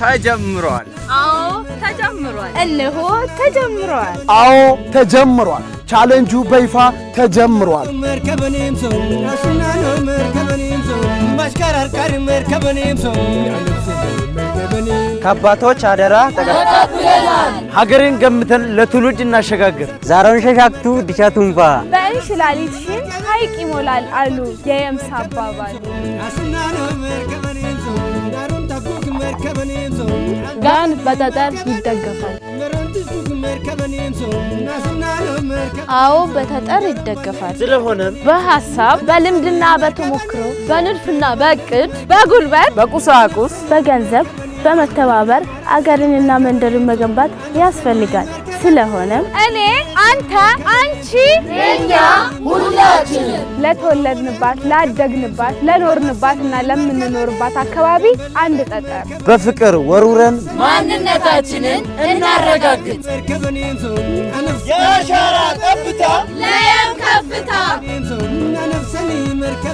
ተጀምሯል። አዎ ተጀምሯል። እነሆ ተጀምሯል። አዎ ተጀምሯል። ቻሌንጁ በይፋ ተጀምሯል። ከአባቶች አደራ ሀገርን ገምተን ለትውልድ እናሸጋግር። ዛሬውን ሸሻክቱ ዲቻቱንፋ በእንሽላሊትሽን ሐይቅ ይሞላል አሉ የየምሳ አባባል ጋን በጠጠር ይደገፋል። አዎ በጠጠር ይደገፋል። ስለሆነም በሀሳብ በልምድና በተሞክሮ በንድፍና በእቅድ በጉልበት በቁሳቁስ በገንዘብ በመተባበር አገርንና መንደርን መገንባት ያስፈልጋል። ስለሆነም እኔ አንተ፣ አንቺ፣ እኛ ሁላችን ለተወለድንባት፣ ላደግንባት፣ ለኖርንባት እና ለምንኖርባት አካባቢ አንድ ጠጠር በፍቅር ወርውረን ማንነታችንን እናረጋግጥ። የአሻራ ጠብታ ለየም ከፍ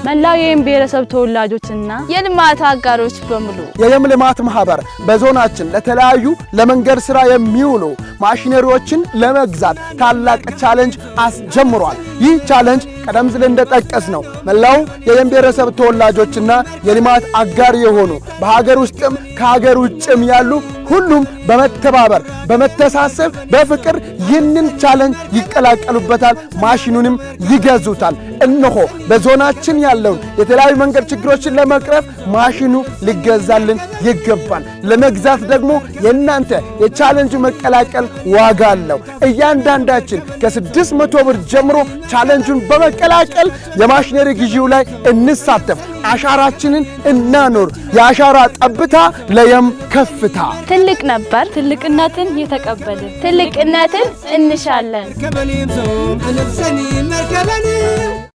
መላው የየም ብሔረሰብ ተወላጆችና የልማት አጋሮች በሙሉ የየም ልማት ማህበር በዞናችን ለተለያዩ ለመንገድ ስራ የሚውሉ ማሽነሪዎችን ለመግዛት ታላቅ ቻለንጅ አስጀምሯል። ይህ ቻለንጅ ቀደም ሲል እንደጠቀስ ነው መላው የየም ብሔረሰብ ተወላጆችና የልማት አጋር የሆኑ በሀገር ውስጥም ከሀገር ውጭም ያሉ ሁሉም በመተባበር በመተሳሰብ በፍቅር ይህንን ቻለንጅ ይቀላቀሉበታል፣ ማሽኑንም ይገዙታል። እነሆ በዞናችን ያለውን የተለያዩ መንገድ ችግሮችን ለመቅረፍ ማሽኑ ሊገዛልን ይገባል። ለመግዛት ደግሞ የእናንተ የቻለንጅ መቀላቀል ዋጋ አለው። እያንዳንዳችን ከስድስት መቶ ብር ጀምሮ ቻለንጁን በመቀላቀል የማሽነሪ ግዢው ላይ እንሳተፍ። አሻራችንን እናኖር። የአሻራ ጠብታ ለየም ከፍታ ትልቅ ነበር። ትልቅነትን የተቀበልን ትልቅነትን እንሻለን።